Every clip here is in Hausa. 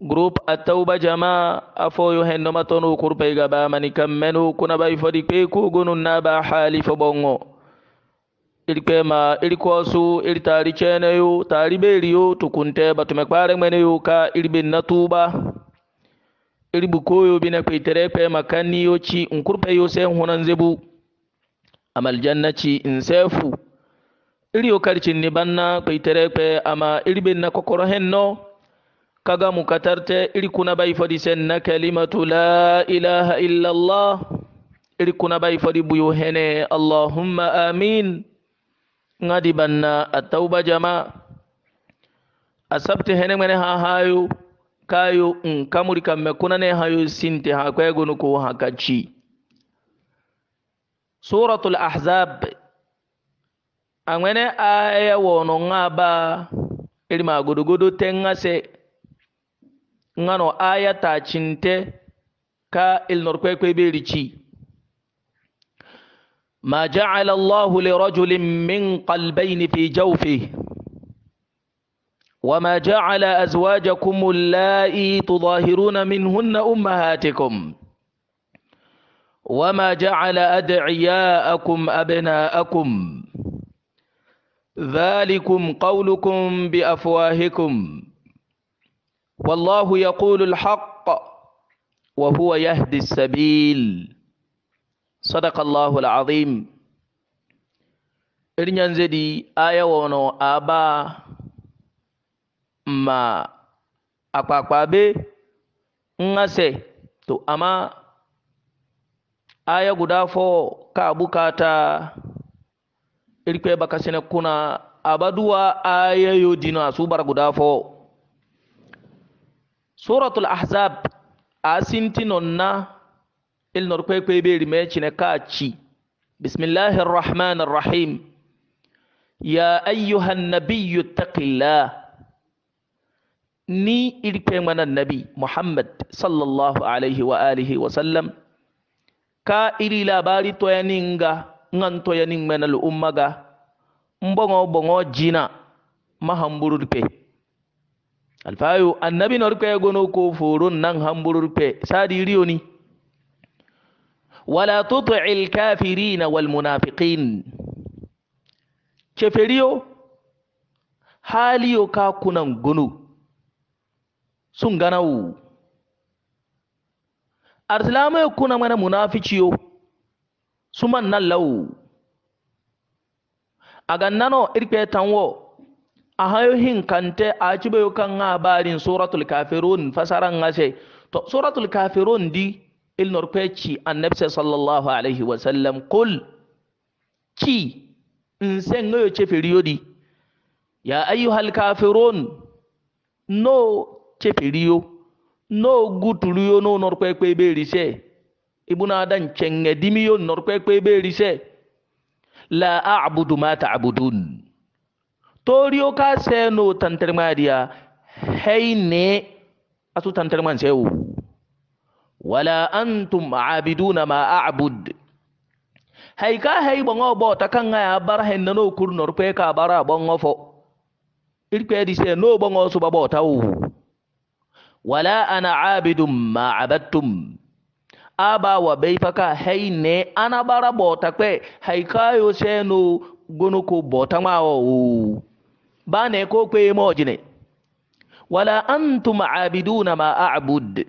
group attauba jama a foyu hennoma ton ukurpeyga bamani kammenu kuna bay fodi kpe kugunun naba hali fo bongo irkema irkosu irtari ceneyu tari beriyu tukunte batume kpare meneyu ka irbinna tuba irbukuyu bine kpeytere kpema kanniyo ci nkurpeyu sen hunan zebu amaljanna ci nsefu iryo karcinni banna kpeytere kpe ama irbinna kokoro henno kaga mukatarte iri kuna bay fadi senna kalimatu la ilaha illa allah iri kuna bay fadi buyo hene allahumma amin ngadi banna atauba jama asabte hene mene ha hayu kayu in kamuri kamme kunane hayo sinte ha kwegonu ko hakachi suratul ahzab angwene aya wono ngaba iri magodogodo tengase ngano aya ta chinte ka ilnor kwe kwe beri ما جعل الله لرجل من قلبين في جوفه وما جعل أزواجكم اللائي تظاهرون منهن أمهاتكم وما جعل أدعياءكم أبناءكم ذلكم قولكم بأفواهكم والله يقول الحق وهو يهدي السبيل صدق الله العظيم إرنيان زدي آية ونو آبا ما أقاقابي ngase to amma aya guda fo ka bukata irke baka sene kuna abaduwa aya yo dino asubar guda fo al ahzab asinti nonna il norkwekwe be rime chineke achi bismillahir rahmanir rahim ya ayyuhan nabiyyu taqillah ni irkwe mana nabi muhammad sallallahu alaihi wa alihi wa sallam ka iri labari toyaninga ngan toyaning mana al ummaga mbongo bongo jina mahambururpe alfayo annabi norpe gono ko foron nan hamburur pe sadi riyoni wala tuti'il kafirina wal munafiqin haali haliyo kunan gono sun ganawu arsilamayo kuna mana munaficiyo suman nan lawu agannano irpe tanwo ahayohin kante a cibe kan barin suratul kafirun fasaran ngase to suratul kafirun di il norpeci annabi sallallahu alaihi wa sallam qul ki nsen ngoyo che di ya ayyuhal kafirun no che feriyo no gutuluyo no beri se ibuna dan chenge dimiyo beri se la a'budu ma ta'budun ta toriyo ka seno tantarmadiya hei ne asu tantarman sewu wala antum abiduna ma a a'bud hay ka hay bongo bo takanga ya bar hen no kur nor pe ka bara bongo fo irpe di se no bongo su babo tawu wala ana abidum ma abattum aba wa bai faka hay ne ana bara bota kwe, hay ka yo se no gono ko bo ba ne ko kwe moji ne wala antum abiduna ma a'bud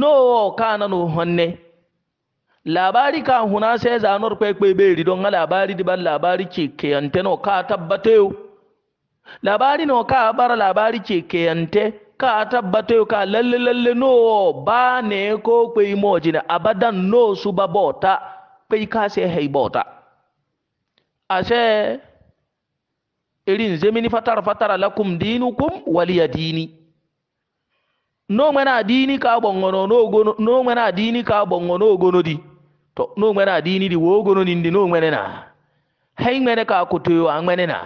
no kana no honne labari ka huna sai zanor kwe kwe beri don labari di ban labari ke kiyante no ka tabbateyo labari no ka bara labari ke kiyante ka tabbateyo ka lalle lalle no ba ne ko kwe moji ne abadan no su ba bota kai ka sai hai bota ashe irin zemini fatara fatara lakum dinukum waliya dini no mana dini ka bongono no gono no mana dini ka bongono no gono di to no mana dini di wo gono ni ndi no mana na hay mana ka kutuyo an mana na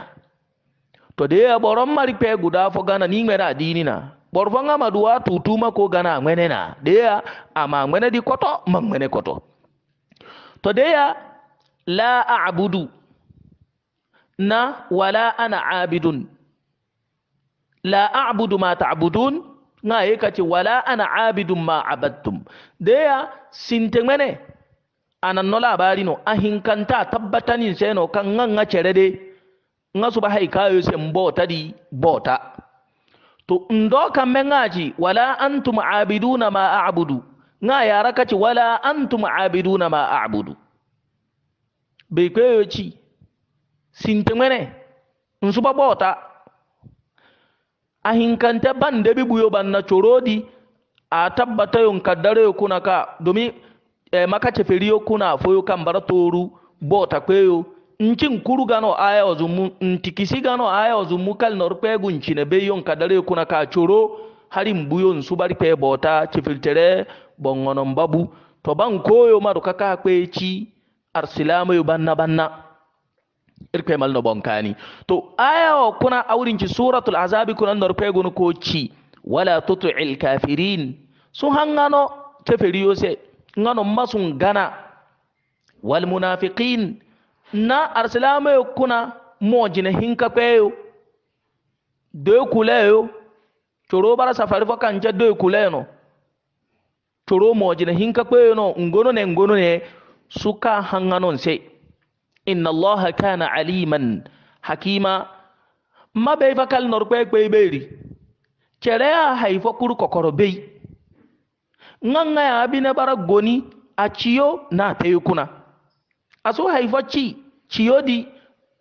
to de ya boron mari pe guda fo gana ni mana dini na borfon ama duwa tutuma ko gana mana na de ya ama mana di koto man mana koto to de ya la a'budu na wala ana abidun la a'budu ma ta'budun nga ye kati wala ana abidun ma abadtum deya sintemene anan no labari no ahinkanta tabbatani seno kan nga nga cerede nga suba hay kayo sen bota di bota to ndo kan mengaji wala antum abiduna ma a'budu nga yara kati wala antum abiduna ma a'budu bai kwayo ci sintemene nsuba bota ahinkante ban debi buyo banna corodi a tabbata yon kaddare kuna ka domin eh, maka ceferiyo kuna foyo kan bara toru bota kweyo ncin kuru gano aya ozumu ntikisi gano aya ozumu kal nor pegu ncine be yon kadare kuna ka coro harin buyo nsubari pe bota cefiltere bongonon babu to ban koyo maru kaka kwe ci arsilama yo banna banna irfe mal bonkani to ayawo kuna awrinci suratul azabi kuna nor pegun ko ci wala tuti'il kafirin su hangano feriyo se ngano masun gana wal munafiqin na arsilamayo kuna mojina hinka peyo de kuleyo toro bara safari fo kanje doy kuleno coro mojina hinka peyo no ngono ne ngono ne suka hanganon sai. inna allaha kana aliman hakima mabe vakal norpe kpe beri chere a haifo kuru kokoro bei nganga ya abine bara goni a ciyo na teyukuna aso haifo chi, chiyo di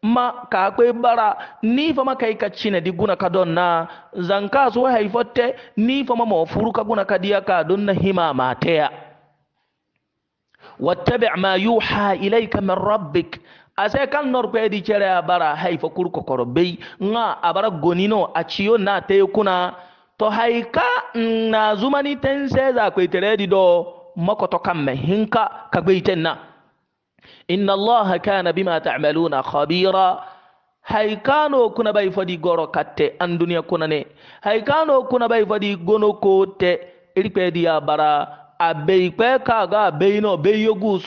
ma ka bara ni ma kai ka cine di guna ka don na zanka so te ni ma furu ka guna ka dia ka don na hima mataya واتبع ما يوحى ilayka من rabbik ase kan norko edi chere abara haifa kurko korobei nga abara gonino achiyo na te kuna to haika na zumani tense za kwetere di do makoto kamme hinka kagbeiten na inna allaha kana bima ta'maluna khabira haikano kuna bai fadi goro katte an duniya kuna ne haikano kuna bai fadi gono ko te irpe di abara abei kwe kaga abei no abei yogu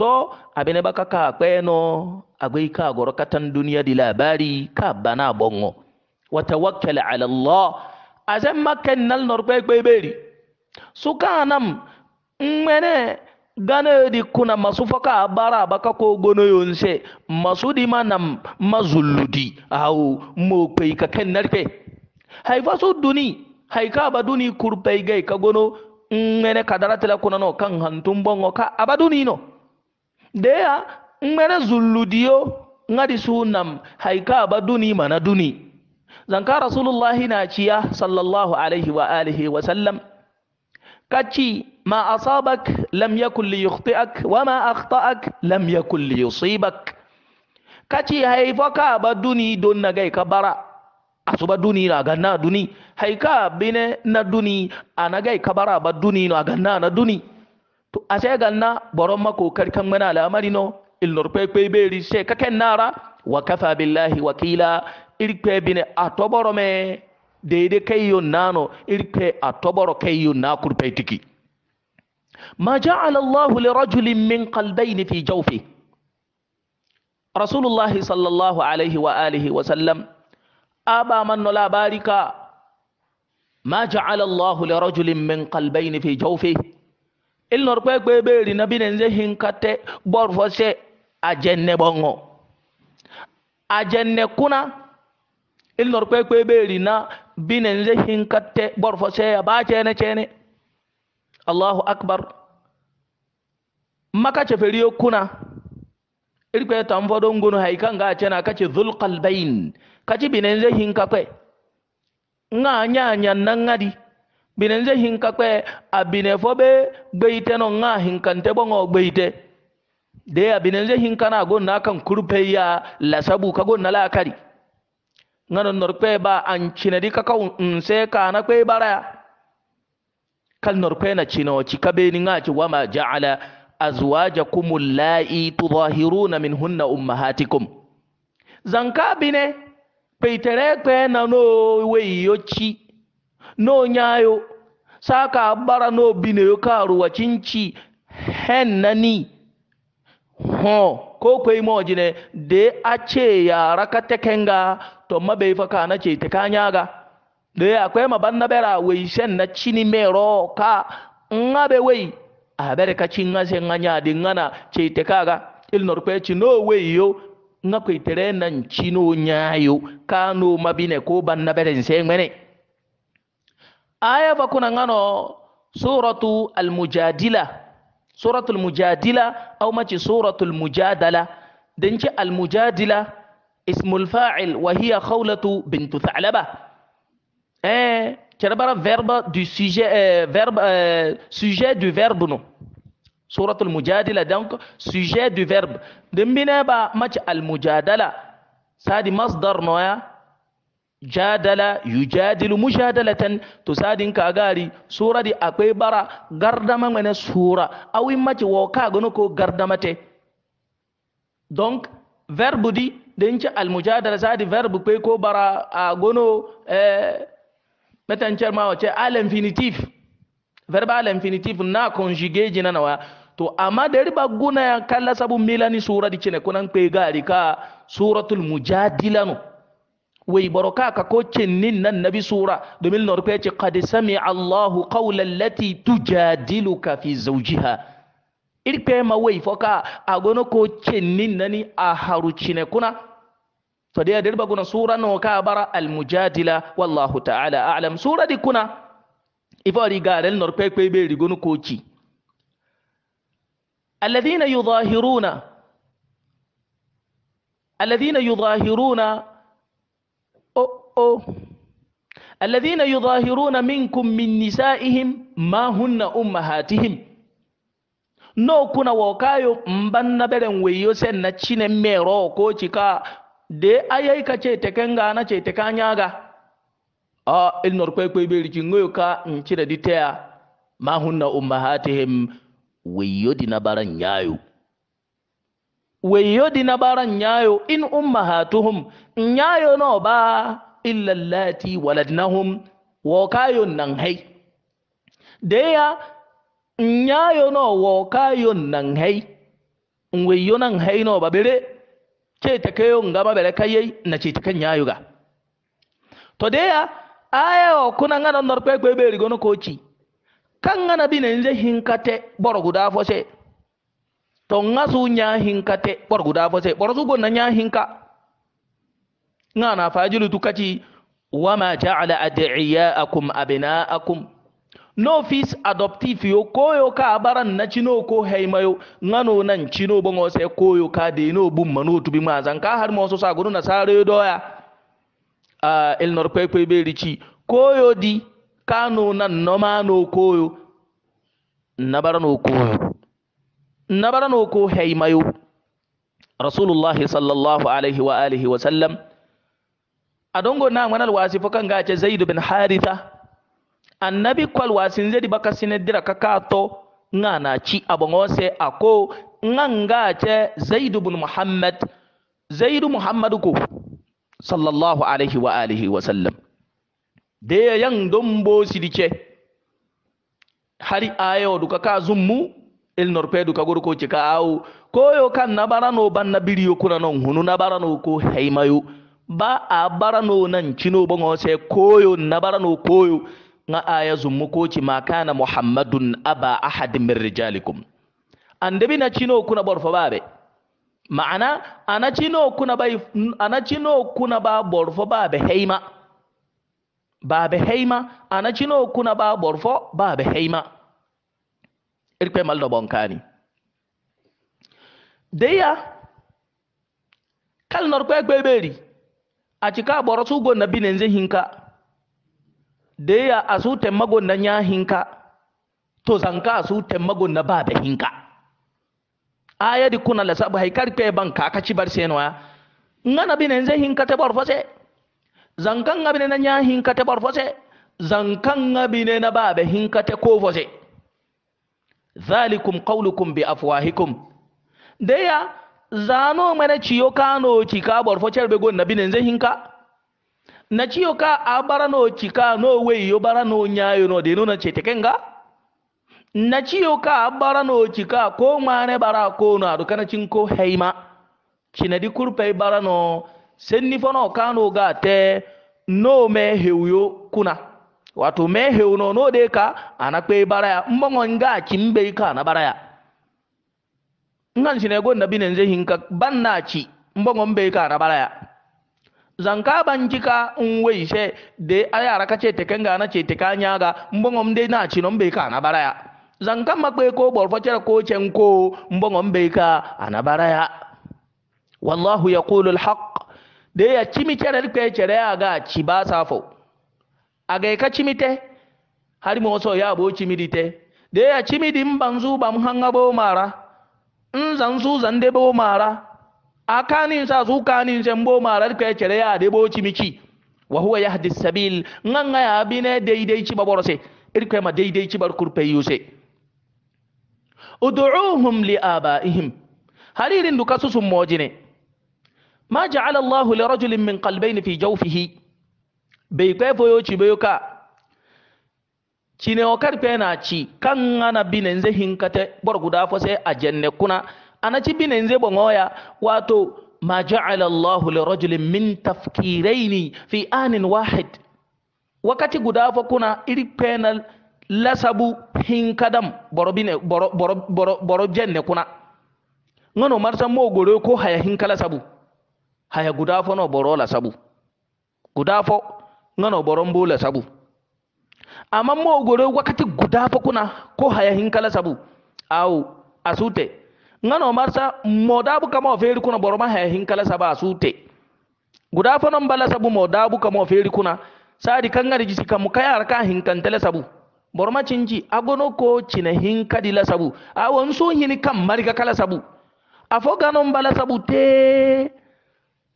abin baka ka kweno agwai ka goro katan duniya di labari ka bana bongo wa tawakkal ala allah azan makan nal beri gbeberi nam, mene gane di kuna masu faka bara baka ko gono yonse masu di manam mazulludi au mo kai ka kan narfe haifa su duni haika baduni kurpai gai ka gono mene kadara tilakuna no kan hantun bongo ka abaduni no deya ŋmene zulludiyo ŋadi sunam haika ba duni mana duni zanka rasulullahi na ciya sallallahu alaihi wa alihi wa sallam kaci ma asabak lam yakun li yukhti'ak wa ma akhta'ak lam yakun li yusibak kaci haifo ka ba duni don na gai ka bara ba duni na ganna duni haika bine na duni ka bara ba duni na ganna na duni to ase na boron mako kan mana al'amari no ilnor pepe beri se kaken nara wa kafa billahi wakila irpe bine a atoboro me kai kayo nano irpe kai kayo na kurpe tiki ma ja'ala Allah li rajulin min qalbayn fi jawfi rasulullahi sallallahu alaihi wa alihi wa sallam aba man no labarika ma ja'ala Allah li rajulin min qalbayn fi jawfihi il nor kwe kwe beri na bine nze hinkate bor fose ajenne bongo ajenne kuna il nor kwe kwe beri na bine nze hinkate bor fose ya ba chene chene allahu akbar maka cheferiyo kuna il kwe tamfodo ngunu haikanga achena kachi dhul qalbain kachi bine nze hinkakwe nga nyanya nangadi binenze hinka kwe abine fobe gbeite no nga hinkante bongo gbeite de abinenze hinka na go na kan kurpe ya lasabu ka go na la kari ngano nor kwe ba an chinadi ka ka unse ka na kwe bara kal nor kwe na chino chikabe ni nga chi wama ja'ala azwajakum allai tudahiruna minhunna ummahatikum zanka bine peitere kwe na no weyochi no nyayo saka bara no karu karuwa cinci hen nani ho ko kwai mojine de ace ya ka tekenga to mabe fa na ce te kanyaga de akwai mabanna bera we shen na chini mero ka ngabe we a bere ka cinga se nganya de ngana ce te kaga il norpe ci no we yo nga kwai tere nan chino nyayo no mabine ko banna bere sen mene aya bakuna ngano suratu almujadila suratul mujadila au mace suratul mujadala dan almujadila ismul fa'il wa hiya khawlatu bintu tha'laba eh du sujet eh, eh, sujet du verbe suratul mujadila donc sujet du verbe ba almujadala sadi masdar jadala yujadilu mujadalatan to sadin ka gari sura di akwai bara gardama mene sura awi mace wo ka gono ko gardama te donc verbe di den ci al mujadala sadi verbe kwe ko bara a gono eh metancer ma ce al infinitif verbe al infinitif na conjugué jina nawa to amma da riba guna ya kalla sabu milani sura di cine kunan kwe gari ka suratul mujadilanu wai baroka ka ko cinnin nan nabi sura domin na ya ce qad sami allahu qawlan lati tujadiluka fi zawjiha irpe ma wai foka agono ko cinnin nani a harucine kuna to da dirba guna sura no ka bara al mujadila wallahu ta'ala a'lam sura di kuna ifori garel norko pe be rigonu ko ci alladhina yudahiruna alladhina yudahiruna oh alladhina yudhahiruna minkum min nisaihim ma hunna ummahatihim no kuna wokayo na beren weyo sen na chine mero ko chika de ayai ka ce tekenga na ce tekanyaga a ilnor kwe kwe beri chingoyo ka nchira ditea ma hunna ummahatihim weyo dina baran yayo weyo dina baran yayo in ummahatuhum nyayo no ba illa allati waladnahum wa kayon nan hai deya nyayo no wa kayon nan hai nweyo nan hai no babere ce ta kayo ngama bere kayi na ce ta kan yayo ga to deya aya o kuna ngana nor kwe kwe beri gono kochi kan ngana bi nenze hinkate boro guda fose to ngasu nya hinkate boro guda fose boro su gonna nya hinka ngana fajilu tukati wama ja'ala ad'iyaakum abnaakum no fis adoptive yo koyo ka baran na cino ko haimayo ngano nan cino bongo se koyo ka de no bum mano tubi mazan ka har mo so sa gunu na sare doya a el nor kwe be rici koyo di kano nan no ma no koyo na barano koyo na barano ko haimayo rasulullahi sallallahu alaihi wa alihi wa sallam adongo na ngwana wasi fokan ga ce zaid bin haritha annabi kwal wasin zedi baka sine dira kakato nga na ci abongose ako nga nga ce zaid bin muhammad zaid muhammad ko sallallahu alaihi wa alihi wa sallam de yang dombo sidice hari ayo duka ka zummu il norpe duka gorko cika awu koyo kan nabarano banna biriyo kuna non hunu barano ko heimayo ba a barano nan cino ban sai koyo na barano koyo nga aya zummu koci ma kana muhammadun aba ahadin min rijalikum dabi na cino kuna ba be. ma'ana ana cino kuna bai ana cino kuna ba be haima heima be heima ana cino kuna ba borfo be heima irkwe maldo bonkani deya kal norkwe gbeberi acika borosugo nabinenze hinka deya asu temmago na nya hinka to zanka asu temmago na babe hinka aya di kuna la sabu haikar pe banka kaci bar seno ya nga nabinenze hinka te borfose zanka nga bine na nya hinka te borfose zanka nga bine na babe hinka te kofose zalikum qawlukum bi afwahikum deya zano mana ciyo kano cika borfo cerbe gon na binen hinka na ciyo ka a barano cika no wei yo barano nyayo no deno na cetekenga na ciyo ka a barano cika ko mane bara ko no adu kana cinko heima cinadi kurpei barano senni fono kano ga te no me hewyo kuna wato me hewno no de ka ana kpei ya mbongo nga cimbe ka na baraya ngan shi ne go nabi ne zai hinka banna ci mbongon bai ka na balaya zanka banki ka nwe ishe de ayara ka ce te nga na ce teke anya ga mbongon dai na ci non bai ka na balaya zanka makwe ko borfo cera ko cen ko mbongon bai ka ana baraya wallahu yaqulu alhaq de ya cimi chere ke chere aga ci ba safo aga ka cimite hari mo so ya bo cimidite de ya cimidi mbanzu bam hanga bo mara nzan su zan debo mara a kanin sa su kanin sen bo mara kai kere ya debo cimiki wa huwa yahdi sabil ngan ga ya bine daidai ci baborose irkai ma daidai ci bar kurpe yuse ud'uuhum li abaihim haririn duka su sun mojine ma ja'ala allah li rajulin min qalbayn fi jawfihi bai kai foyo ci bayo ka cine o kadi pena ci kangana binenze hinkate boro guda fo se a jenne kuna anaci binenze bongoya wato ma jaala llahu lirajulin min tafkiraini fi anin wahid wakati guda fo kuna iri pena lasabu hinkadam boro bine boro boro boro boro jenne kuna ngono marsa mo gore ko haya hinkala sabu haya guda fo no boro la sabu guda fo ngono boro mbula sabu amma mo gore wakati guda fa kuna ko hayahin kala sabu au asute ngano marsa modabu kama oferi kuna boroma hayahin kala sabu asute guda fa non bala sabu modabu kama oferi kuna sadi kangari jisi kamu kaya arka hinkantele sabu boroma cinji agono ko cina kadi la sabu an so hini kam marika kala sabu afo ganon bala sabu te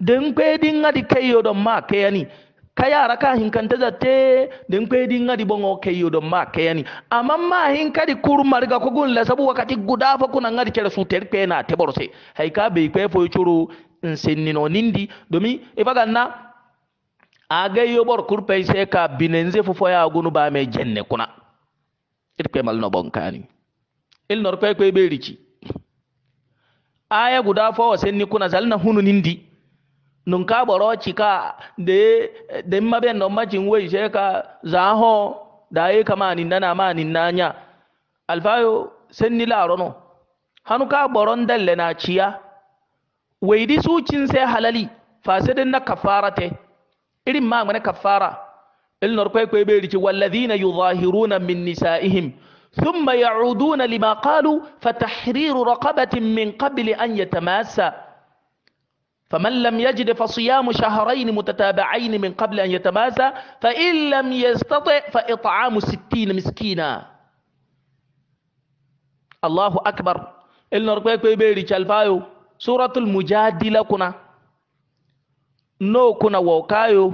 den kwe dingadi keyo don ma keyani ka yara ka hinkanta za te den kwe din ngadi bon o ke yodo ma ke yani amma ma hinka di kuru mariga ko gun la sabu wakati guda fa kuna ngadi kere su ter kwe na te borose hay ka be kwe fo churu nsenni no nindi domi e baga na aga yo bor kur pe se ka binenze fo fo ya gunu ba me jenne kuna it pe mal no bon kani il nor kwe kwe be richi aya guda fo wasenni kuna zalna hunu nindi nunca ka boro chika de de mabe no majin we je ka za kama ni nana ma ni nanya alfayo senni la rono hanuka ka boro ndalle na ciya we di su cin se halali fasidin na kafarate irin ma ngane kafara il nor kwe kwe beri ci walladhina yudhahiruna min nisaihim ثم يعودون لما قالوا فتحرير رقبة من قبل أن يتماسا فمن لم يجد فصيام شهرين متتابعين من قبل أن يتماسى فإن لم يستطع فإطعام ستين مسكينا الله أكبر إلنا ركوك بيبيري شالفايو سورة المجادلة كنا نو كنا ووكايو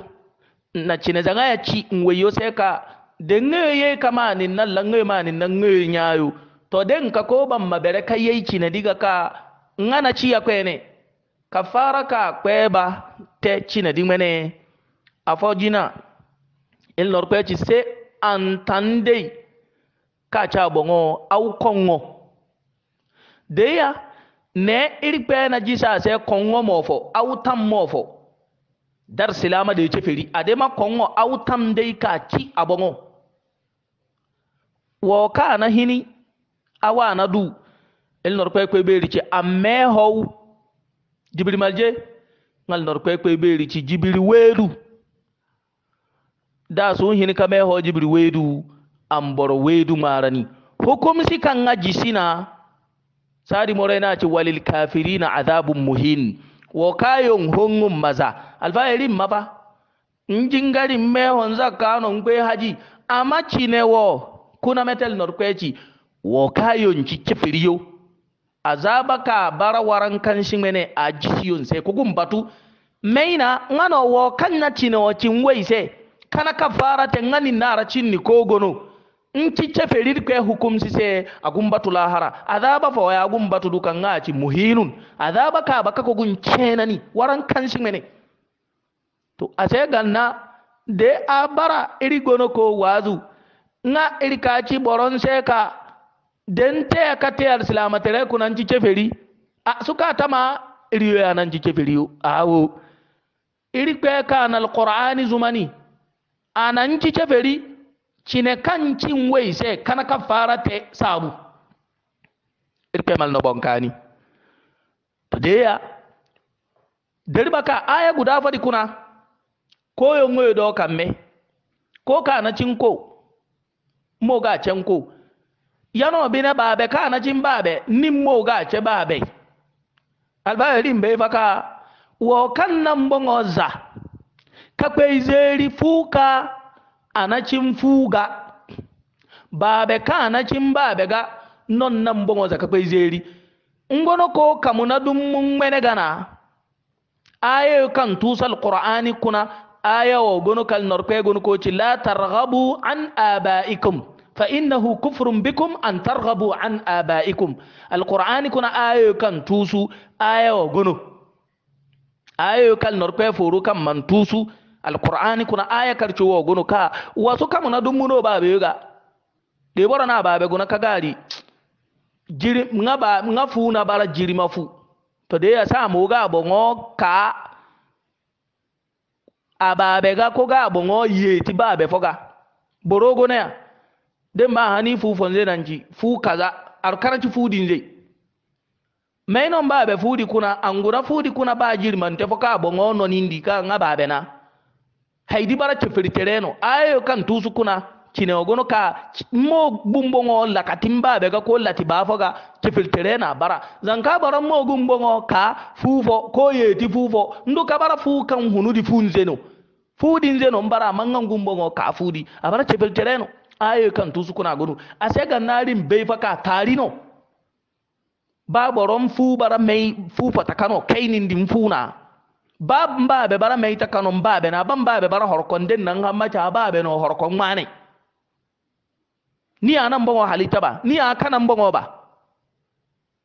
نحن زغايا چي نويو سيكا دنغي كما ننا لنغي ما ننا نغي نيايو تو دنكا كوبا مبركا ييشي نديغا كا ngana ciya kwene kafara ka kpɛɛba tɛ cina di ŋmɛnɛ a fɔ jina in lɔr kpɛ ci se antandei ka ca bɔŋɔ aw kɔŋɔ ya, ne iri kpɛɛ na jisa sɛ kɔŋɔ mɔ fɔ aw tam mɔ fɔ dar silama de ce feri ade ma kɔŋɔ aw tam de ka ci a bɔŋɔ wɔ ka na hini awa na du il nɔr kpɛ kpɛ beri ce a mɛ hɔw jibiri malje ngal nor kwe kwe beri ci jibiri wedu da su hin kame ho jibiri wedu amboro wedu marani hukumsi kan ngaji sina sadi na ci walil kafirina azabun muhin wo kayon hongun maza alfahirin mafa njingari mehon zakano ngwe haji amaci ne wo kuna metel norkweci wo kayon ci kifiriyo azabaka ka bara waran kan shi mene a jisiyun sai kugun batu maina ngano wo kan na cin wo cin wai sai kana ka fara ta ngani nara cin ni ko gono in ci ce ferir ke hukum si sai a batu lahara azaba fa waya batu dukan nga ci muhinun azabaka ka baka ko gun cenani waran kan shi mene to a sai ganna de a bara iri gono ko wazu nga iri ka ci boron sai ka den taya ka ku nan ci ceferi a suka ta ma tama iriyo yananci a awo iri kpe kana alqur'ani zumani ci ceferi cine cin wei se kana ka fara te sabu iri kpe mal no bonkani todeya deribaka aya guda fadi kuna koyo ngoyo do kamme ko cin cinko mo ga ko yano bine babe na jin babe mo ga ce babe albayarin bai faka wo kan nan bongoza ka kwai zeri fuka anacin fuga babe kana cin babe ga non nan bongoza ka kwai zeri ngono ko na dum mun mene gana aye kan tusal qur'ani kuna aya wo gono kal norpe gono ko ci la targhabu an abaikum fa innahu kufrun bikum an targhabu an abaikum alqur'ani kuna ayo kan tusu ayo gono ayo kan norpe furu kan man tusu alqur'ani kuna aya karci wo gono ka wasu kamu na dum muno babe ga de bora na babe gona kagari jiri nga ba nga fu na bara jiri mafu to de ya sa mu ga bongo ka ababe ga ko ga bongo yeti babe foga borogo ne ya den ba hani fu fonze ji fu kaza ar karanci fu zai mai non ba be di kuna fu di kuna ba jiri man te foka bo ngono ndi ka nga ba be na haidi bara che feritereno ayo kan tusu kuna kine ogono ka mo bumbo ngo la timba be ka ko lati ba foga che filterena bara ka bara mo gumbo ngo ka fo ko yeti fo ndu ka bara fu kan hunu di fu di nzeno bara manga gumbo ngo ka fudi abara che filtereno ayo kan tusu kuna gudu a sai ga narin bai faka tari no ba boron fu bara mai fufa ta kano kainin din funa ba ba be bara mai ta kano ba be na ban ba be bara horkon din nan han mata ba be no horkon wane ni anan ban halita ba ni a kanan ban ba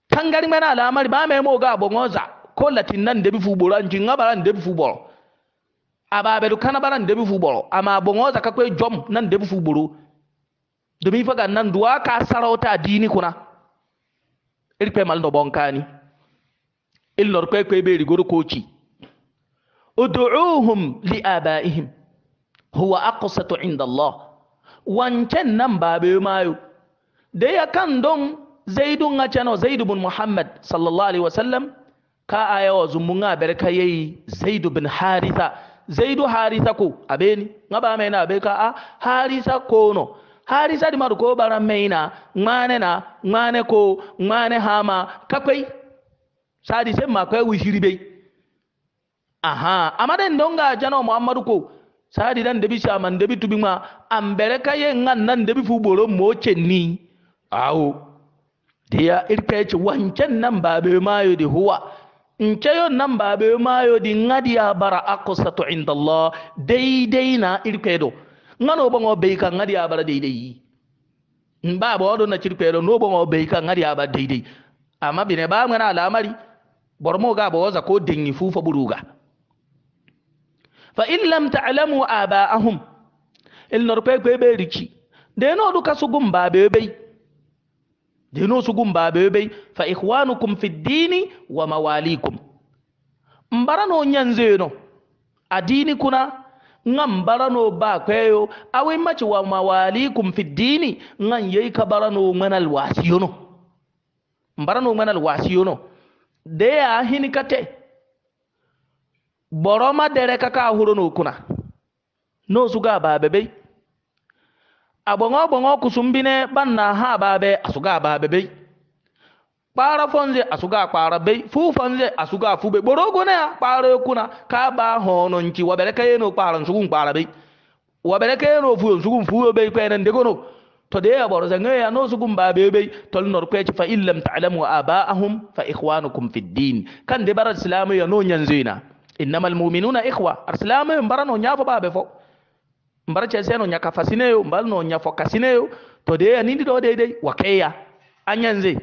tangari mana alamar ba mai mo ga bongoza ko latin nan da bi fu boran jin ngabaran da bi fu boro ababedu kana baran debi fuboro ama bongoza kakwe jom nan fu boro. domi faga nan duwa ka sarauta dini kuna irpe mal no bonkani il nor kwe kwe be rigoro koci ud'uuhum li abaihim huwa aqsatu inda allah wancan nan babe mayo da ya kan don zaidun a cano zaidu bin muhammad sallallahu alaihi wasallam ka aya wa zumun a berka yayi zaidu bin haritha zaidu haritha ko abeni ngaba mai na be ka a ah, haritha ko no hari sadi maru ko bara meina ngane na ngane ko ngane hama kakwai sadi sai ma kwai wishiribe aha amade ndonga jana muhammadu ko sadi dan debi man debi ma ambere kaye ngan nan debi fu boro mo chenni awo dia irpeche wancan nan babe mayo di huwa nke yon nan babe mayo di ngadi ya bara akosatu inda allah daidai na irpedo ngano bongo be kan ngadi abara daidai mba ba odo na cirkwelo no bongo be kan ngadi abara daidai amma bine ba ngana alamari bormo ga ba waza ko dingi fufa buruga fa in lam ta'lamu aba'ahum il norpe kwe be riki de no du kasu gumba be be de no su gumba be be fa ikhwanukum fid dini wa mawalikum mbara no nyanzeno adini kuna ngan barano ba kweyo awi machi wa mawalikum fi dini ngan yei ka barano ngana wasiyono barano ngana nọ. de ya hinikate boroma dere kaka huro no kuna no suga ba bebe agbongo agbongo kusum bine banna ha ba be asuga ba bebe kpara fonze asuga kpara bei fu fonze asuga fu bei borogo na ya kpara kuna ka ba hono nchi wabere ka yeno kpara nsugun kpara bei wabere ka yeno fu nsugun fu bei kwene ndegono to de ya boro zanga ya no sugun ba bei bei tol nor kwe fa illam ta'lamu aba'ahum fa ikhwanukum fid din kan de barat islamu ya no nyanzina innamal mu'minuna ikhwa islamu mbarano nyafo ba be fo mbarce seno nyaka fasine yo mbalno nyafo kasine yo to de ya nindi do de de wakeya anyanze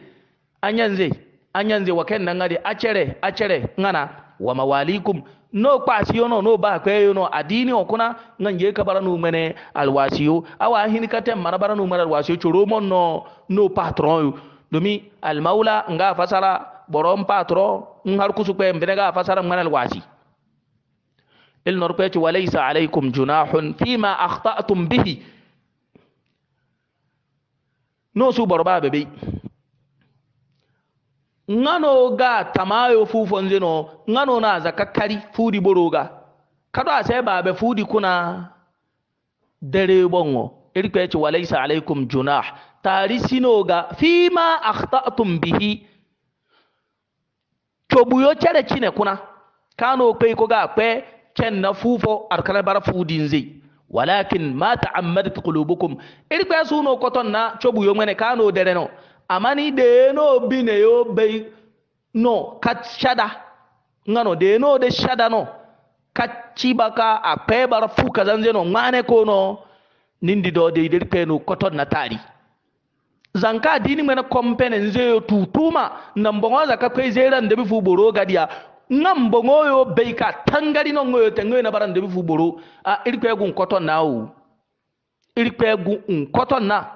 anyanze gari a cire a cire ngana wa mawalikum no kwasi no no ba kwe no adini okuna nganje ka baranu mene alwasiyo awa ka tem marabara baranu mara alwasiyo choro mon no no patron yo al maula nga fasara borom patron un har kusu kwe mbene ga fasara mene alwasi il norpechi walaysa alaykum junahun fima akhtatum bihi no su borba bebe ngano ga tamayo fufonze no ngano na zakakari fudi boroga kado ase babe fudi kuna dare bongo irko yace walaysa alaikum junah tari sinoga fima akhtatum bihi cobuyo chere cine kuna kano pe ko ga pe cen na fufo arkana bara fudin zai walakin ma ta'ammadat qulubukum irko suno koton na cobuyo mene kano dare no amani de no bi ne yo bai no ka shada ngano de no de shada no ka cibaka a pebar fu zanje no ngane ko no nindi do de de pe no koton na tari zanka dini mena kompene nze yo tutuma na mbongo zaka kwe zera ndebi fu boro gadia nga mbongo yo be ka tangari no ngoyo tengoyo na bara ndebi fu boro a iri kwe gun koton na o iri kwe gun koton na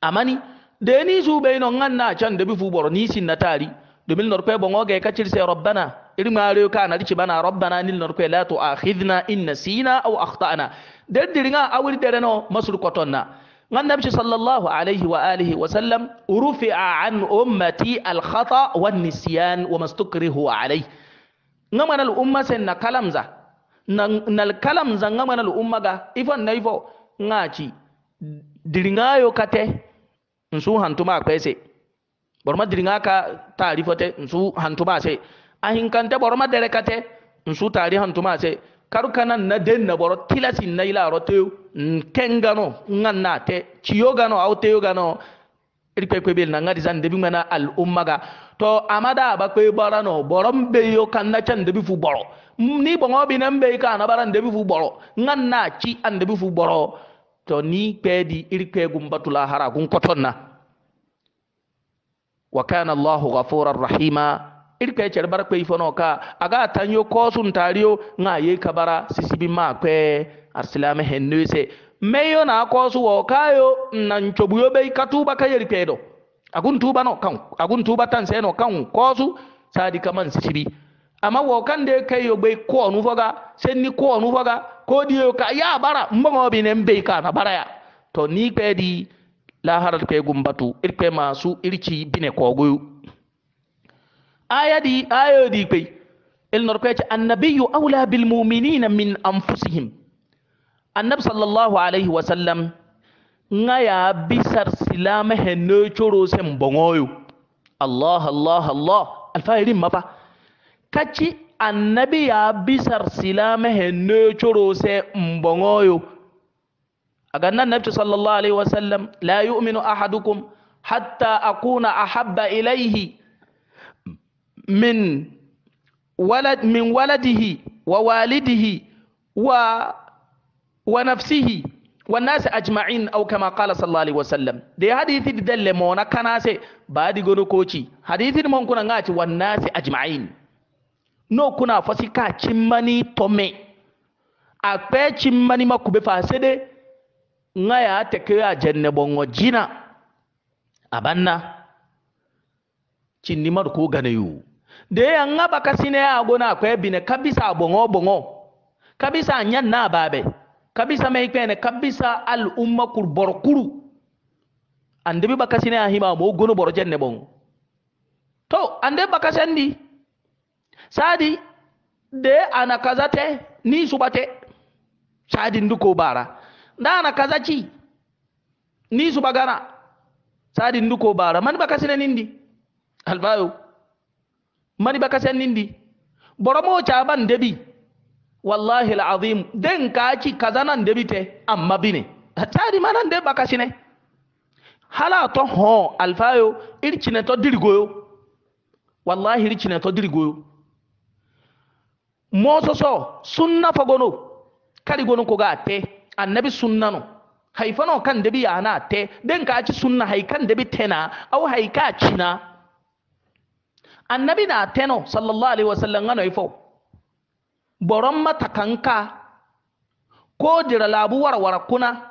amani deni suɓey no na can da fu ɓoro ni sinna taari domin norkoye bongo gay kacir se rabbana iri mario ka nari cibana rabbana nil norkoye la tuakhidna in nasina aw akhtana der diriga awiri dereno masur kotonna النبي صلى الله عليه وآله وسلم رفع عن أمتي الخطأ والنسيان وما استكره عليه نمنا الأمة سنة كلامزا نال كلامزا نمنا الأمة إفن نيفو ناتي درنايو كته nsu hantuma kwese borma diringa ka taarifo te nsu hantuma se ahinkante borma derekate nsu taari hantuma se karukana na den na boro tilasi na ila ro te nkengano nganna te chiyogano au teyogano irikpekpe bel na ngadi zan debi mana al ummaga to amada ba kwe bara no boro mbe yo kanna chan debi fu boro ni bongo bi na mbe ka na bara debi fu boro nganna chi an debi boro to ni kpeedi iri kpeegum batula hara gun kotonna wa kana allahu gafuran rahima iri kpee cere bara kpei fono ka aga tanyo kosun tariyo nga ye kabara sisibi ma kpee arsilame hennese meyo na kosu wo kayo nan cobuyo bei katuba ka yeri kpeedo agun tuba no kan agun tuba tan seno kan kosu sadi kaman sisibi amma wo kan de kai yo bai ko nu faga sen ni ko nu faga ko di yo ka ya bara mba mo bi nem bai ka na bara ya to ni pe di la haral pe gumbatu ir pe masu irci bine ko goyu aya di ayo di pe il nor pe ci annabiyyu aula bil mu'minina min anfusihim annab sallallahu alaihi wa sallam ngaya bisar silama he no choro sem bongoyo allah allah allah alfairin mapa Tachi annabi ya bisar silama he ne coro se mbongoyo aga nan nabi sallallahu alaihi wasallam la yu'minu ahadukum hatta akuna ahabba ilayhi min walad min waladihi wa walidihi wa wa nafsihi والناس أجمعين أو كما قال صلى الله عليه وسلم دي حديث دل مونا كناسي بادي غنو كوشي حديث مون كنا والناس أجمعين no kuna fasi ka cimmani to me a kpe cimmani ma kube fa sede nga ya teke a jenne bongo jina abanna cinni ma ko gane yu de ya nga ba kasine a gona kwe bine kabisa bongo bongo kabisa nyan na babe kabisa me kene kabisa al umma kur borkuru andebi ba kasine a hima mo gono bor jenne bongo to ande ba kasandi sadi de ana kaza te ni subate sadi nduko bara da ana kaza ci ni subagana sadi nduko bara mani bakasine nindi albayo mani bakasen nindi boromo caban debi wallahi alazim den ka kaza nan debi te amma bine sadi manan de bakasine hala to ho alfayo ircine to dirgoyo wallahi ircine to dirgoyo mososo sunna fagono kari gono ko ga te annabi sunna no haifano kan debi ana te den ka ci sunna haikan debi tena au haika cina annabi na teno sallallahu alaihi wasallam ngano ifo boron mata kanka ko dira labu warware kuna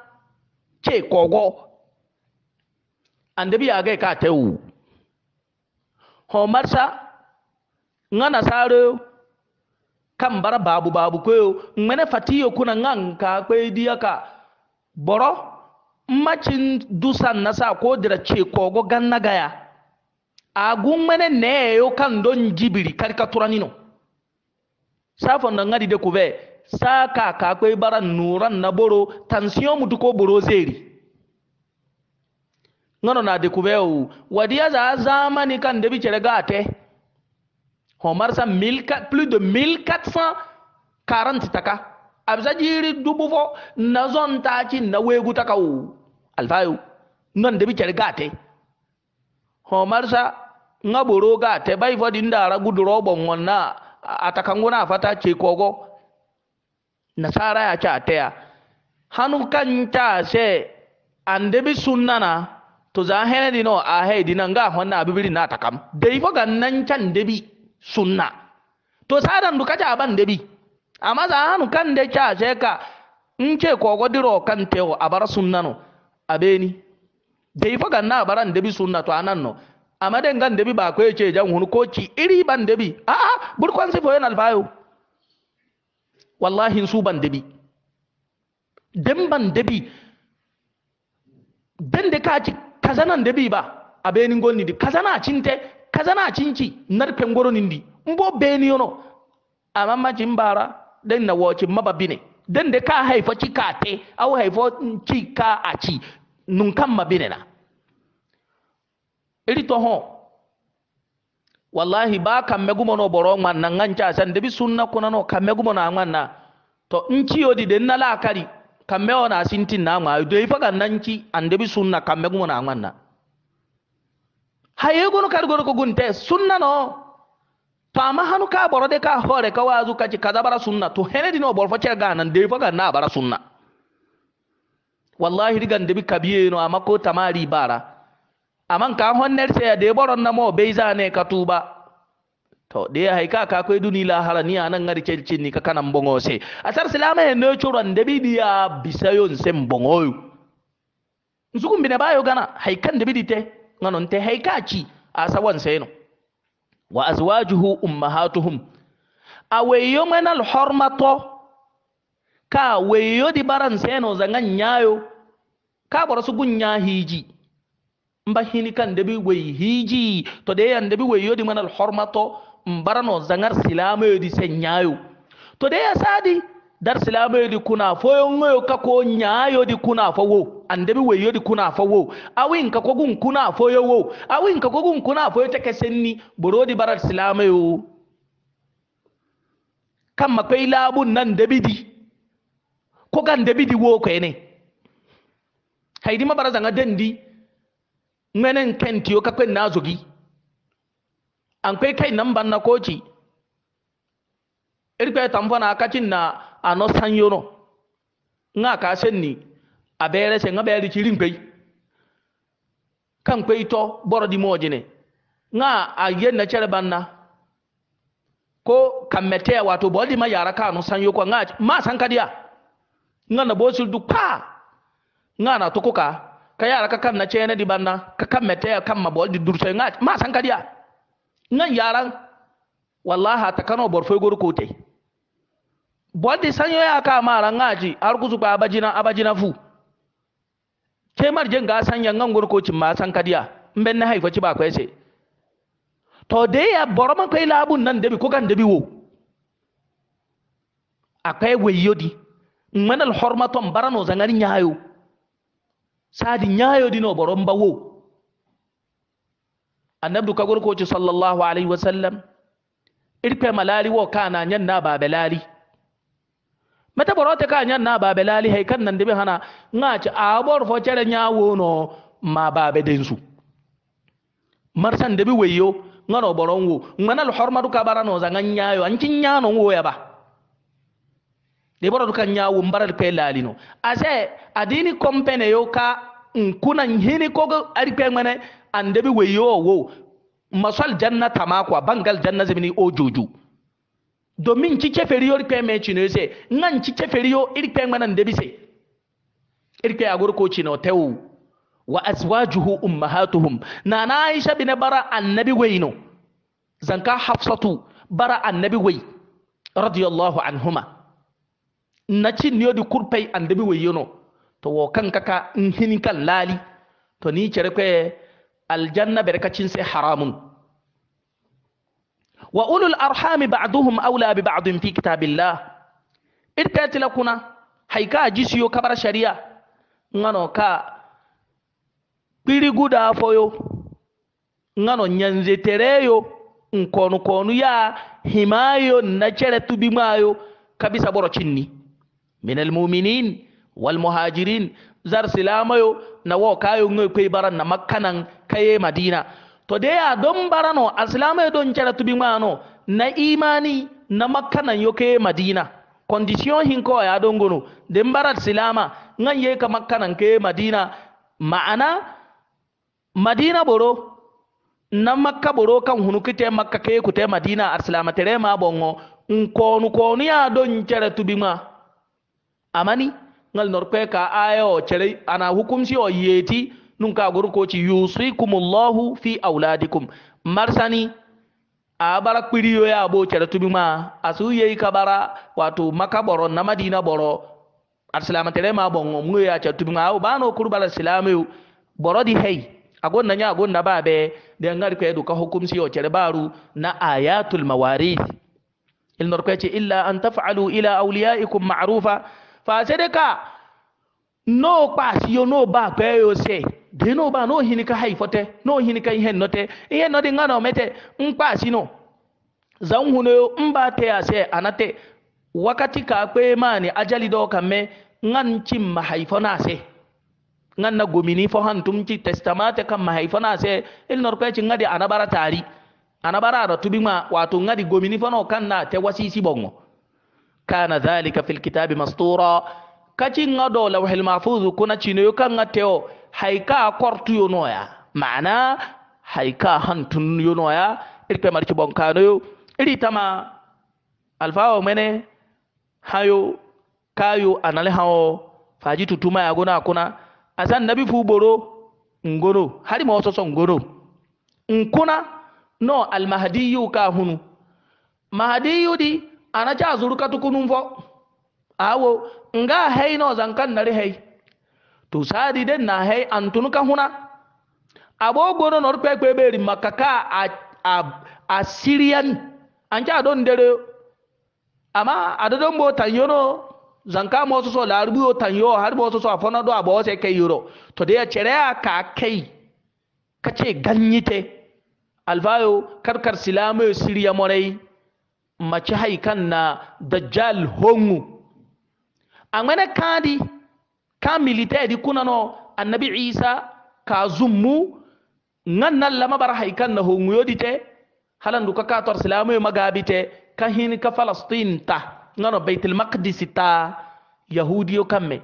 ce kogo annabi ya ga ka tewu homarsa ngana saro kan bara babu babu koyo mene fatiyo kuna ngan ka kwe diya ka boro macin dusan nasa ko dira ce kogo ganna gaya agun mene ne yo kan don jibiri karikatura nino safon nan ngadi de kuve saka ka kwe bara nuran na boro tansiyo mutu ko boro zeri ngano na de kuve wadiya za zamani kan debi cere gate Homar sa 1400, plus de 1440 taka. Abza jiri dubu fo na zon taci na wegu taka u. Alfayu, nan da bikyar gate. Homar sa nga buru gate bai fo din da ragu durobon wannan a takanguna fata ce Nasara ya cha a Hanu Hannu se. ta sai an sunnana to za dino a dinanga nan abibili wannan abibiri na takam. Dai fo ga nan can debi. sunna to sadan du kaca ban bi a maza hannu kan da ca ce ka in ce kogo diro kan teo a bar sunna no a beni da fa ganna a baran bi sunna to a nan no a madan gan bi ba ko ce jan hunu ko ci iri ban bi a a burkon sifo yana alfayo wallahi su ban bi den ban bi den de ka ci kazanan bi ba a benin gonni di kazana cinte kazana cinci narpen goro nindi mbo beni yono amma maji bara den na mababi ne, den de ka haifo cika te au haifo cika a ci nun kan mabine na iri to wallahi ba kan megumo na boro man nan nganca san debi sunna kuna no kan megumo na man na to nci yodi da na la kari kan wa na sintin na ma do ifa kan nan ci an debi sunna kan megumo na man na hayegonu kadi gonu ko gunte sunna no paama hanu ka boro de ka hoore ka waasu kaza bara sunna to hene henedino boro fo cerga nan dey fo ganna bara sunna wallahi ɗi gandebi kabiyeno ama ko tamari bara aman ka honner seya de ɓoron namo beysane ka tuba to ɗe hay ka ka koye duni lahara ni anan gari celcinni ka kanan bogo se asar silama he no coron ndeɓi ɗiya bisayon sen bogoyo bine bayo gana hay kan ndeɓiɗi te nganon te a kaci asa wanseno wa azwajuhu ummahatuhum a weyo ŋenal hormato ka weyo di baran seno zanga nyayo ka boro su gun nya hiji mba hini kan debi wey hiji to de yan debi weyo di ŋenal hormato mbarano zangar silamoyo di sen nyayo to de sadi dar silama yodi kuna fo yongo ka kako nya yodi kuna fo wo andebi we yodi kuna fo wo awi nka ko gun kuna fo yo wo awi nka ko gun kuna fo yo take senni borodi barat silama yo kan makwai labun nan dabidi ko kan dabidi wo ko ne haidi mabara zanga dendi ngenen kenti yo ka kwen nazogi an kai kai nan ban na koci irpe tamfana kacin na a no sanyono nga ka senni a bere se nga bere ci rimpey kan kwey to boro di ne nga a na chere banna ko kammeteya to bol di ma yara ka no sanyo ko nga ma sankadiya nga na bosul du pa nga na to ko ka ka yara ka kan na cene di banna ka kan meteya kan ma bol di durso nga ma sankadiya nga yara wallahi ta kano borfo gor kote Bwadi sanyo ya ka mara ngaji ar kuzu ba abajina abajina fu ke marjen ga sanya ngangur ko cin ma san kadiya mben haifa ba kwese to de ya boroma kai labun nan debi ko kan debi wo akai weyodi Mwena l'horma to barano zangari nyayo. sadi nyayo dino boron wo. Anabdu kagor ko sallallahu sallallahu alaihi sallam. irpe malali wo kana nyanna ba belali mete borote ka nya na babe lali hay kan nan dibe hana nga ci abor fo cere nya wono ma babe densu marsan debi weyo nga no boron wo ngana al hormatu ka barano za nga nyayo an cin nya no wo ya ba de borodu kan nya wo mbaral pe lali no ase adini kompene yo ka nkuna hini ko ari pe ngane an debi weyo wo masal jannata ma kwa bangal janna zibini o juju domin ci keferiyo irkpe me cino se nan ci keferiyo irkpe ngmanan debise irkpe agor ko cino wa azwajuhu ummahatuhum nana aisha bin bara annabi weyno zanka hafsatu bara annabi radiyallahu anhuma na cinniyo di kurpey annabi weyyono to wo kan kaka kan to ni cere aljanna bere sai haramun wa ulul arhami ba'duhum aula bi ba'din fi kitabillah irkatila kuna haika jisiyo kabar sharia ngano ka guda foyo ngano nyanze tereyo nkonu konu ya himayo na cere tubimayo kabisa boro cinni min almuminin muhajirin zar silamayo na wo kayo ngoy kwe baran na makkanan kaye madina to de ya don barano asilama don cara tubi mano na imani na makka nan yoke madina condition hin ko ya don gono din barat silama ngan ye ka makka nan ke madina ma'ana madina boro na makka boro kan hunu kite makka ke kute madina asilama tere ma bongo ko ni ya don cara tubi ma amani ngal norpe ka ayo cere ana hukumsi o yeti nunka gorkoci yusikumullahu fi auladikum marsani a bara kpiriyo ya bo kere tubi ma asu yeyi ka bara wato maka boro na madina boro arsilama tere ma bongo mu ya kere tubi ma au bano kuru bara silame yo boro di hei agon na nya agon ba be de ngar ko edu ka hukum si yo kere baru na ayatul mawarith il nor ko ce illa an taf'alu ila awliyaikum ma'rufa fa sedeka no pa si yo no ba pe yo se deno ba no hinika haifote no hinika ihe nnote ihe nnọdị nga na omete mkpa asino zan huno mba te ase anate wakati ka kwe mani ajali do kame ngan cin mahaifo na ase ngan na gomini fo han tumci testamate kan mahaifo na ase il nor kwe ngadi anabara tari anabara da tubi ma wato ngadi gomini fo no kan na te wasisi bongo kana dhalika fil kitabi mastura kaci nga do lawhil mahfuz kuna cinoyo kan nga teo haika kortu yonoya maana haika hantun yo iri yonoya irpe marci bonkano yo iri tama alfawo mene hayo kayo anale hawo faji tutuma ya gona kuna asan nabi fu boro ngoro hari ma wasoso ngoro nkuna no almahdiyu ka hunu mahdiyu di ana anacha azuru katukunun fo awo nga hei no zankan nare hei? to sadi den na hay antunu ka huna abo gono nor pe pe beri makaka a a, a syrian anja don dere ama adodon bo tanyono zanka mo so so larbu o tanyo har bo so so afona do abo se kai yoro to de chere ka kai kace ganyite alfayo karkar silamu siriya morai mace haikan na dajjal hongu a mana kadi ka milita di kuna annabi isa ka zummu nan nan lama bar haikan na yodi te halan duka ka tor ma ya te ka hin ka falastin ta ngano baitul maqdis ta yahudiyo kamme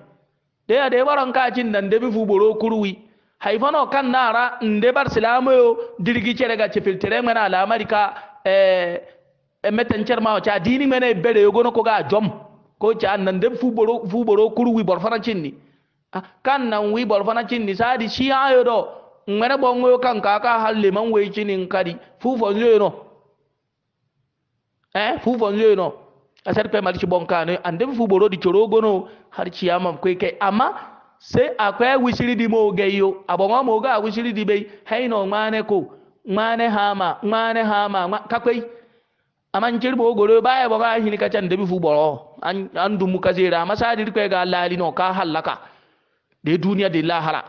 de ya de waran ka jin nan de bi boro kurwi haifano kan nara nde bar islamu yo dirgi chere ga cefiltere ngana ala amerika eh meten cerma o cha dini mene bere yogono ko ga jom ko cha nan de fu boro kurwi bor farancin ni Ah, kan nan wi bor fana cin ni sadi shi ayo do ngana bo yo kan ka, ka halle man we cinin kadi fu fon yo no eh fu fon yo no ser pe mali ci bonka ne ande fu boro di choro gono har ci amam kwe kai amma sai akwai wisiri di mo abon ma mo ga wisiri di bai haino ngane ko ngane hama ngane hama kakwai aman kirbo goro bo ga hin ka da de fu boro an an dumu kasera masadir kwe ga lalino ka halaka da ya duniya da lahara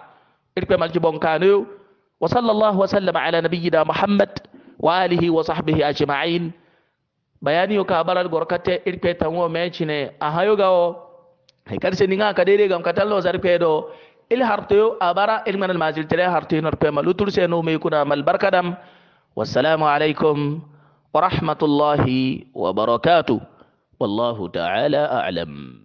irkwe malci bonkano wa sallallahu wa sallama ala nabiyyina muhammad wa alihi wa sahbihi ajma'in bayani ka baral gorkate irkwe tanwo mecine a hayo gawo hay karse ninga ka dere gam katallo zarpe do il hartoyo a bara ilman almajil tere hartoyo norpe malutur seno me kuna mal barkadam wassalamu alaikum ورحمه الله وبركاته والله تعالى اعلم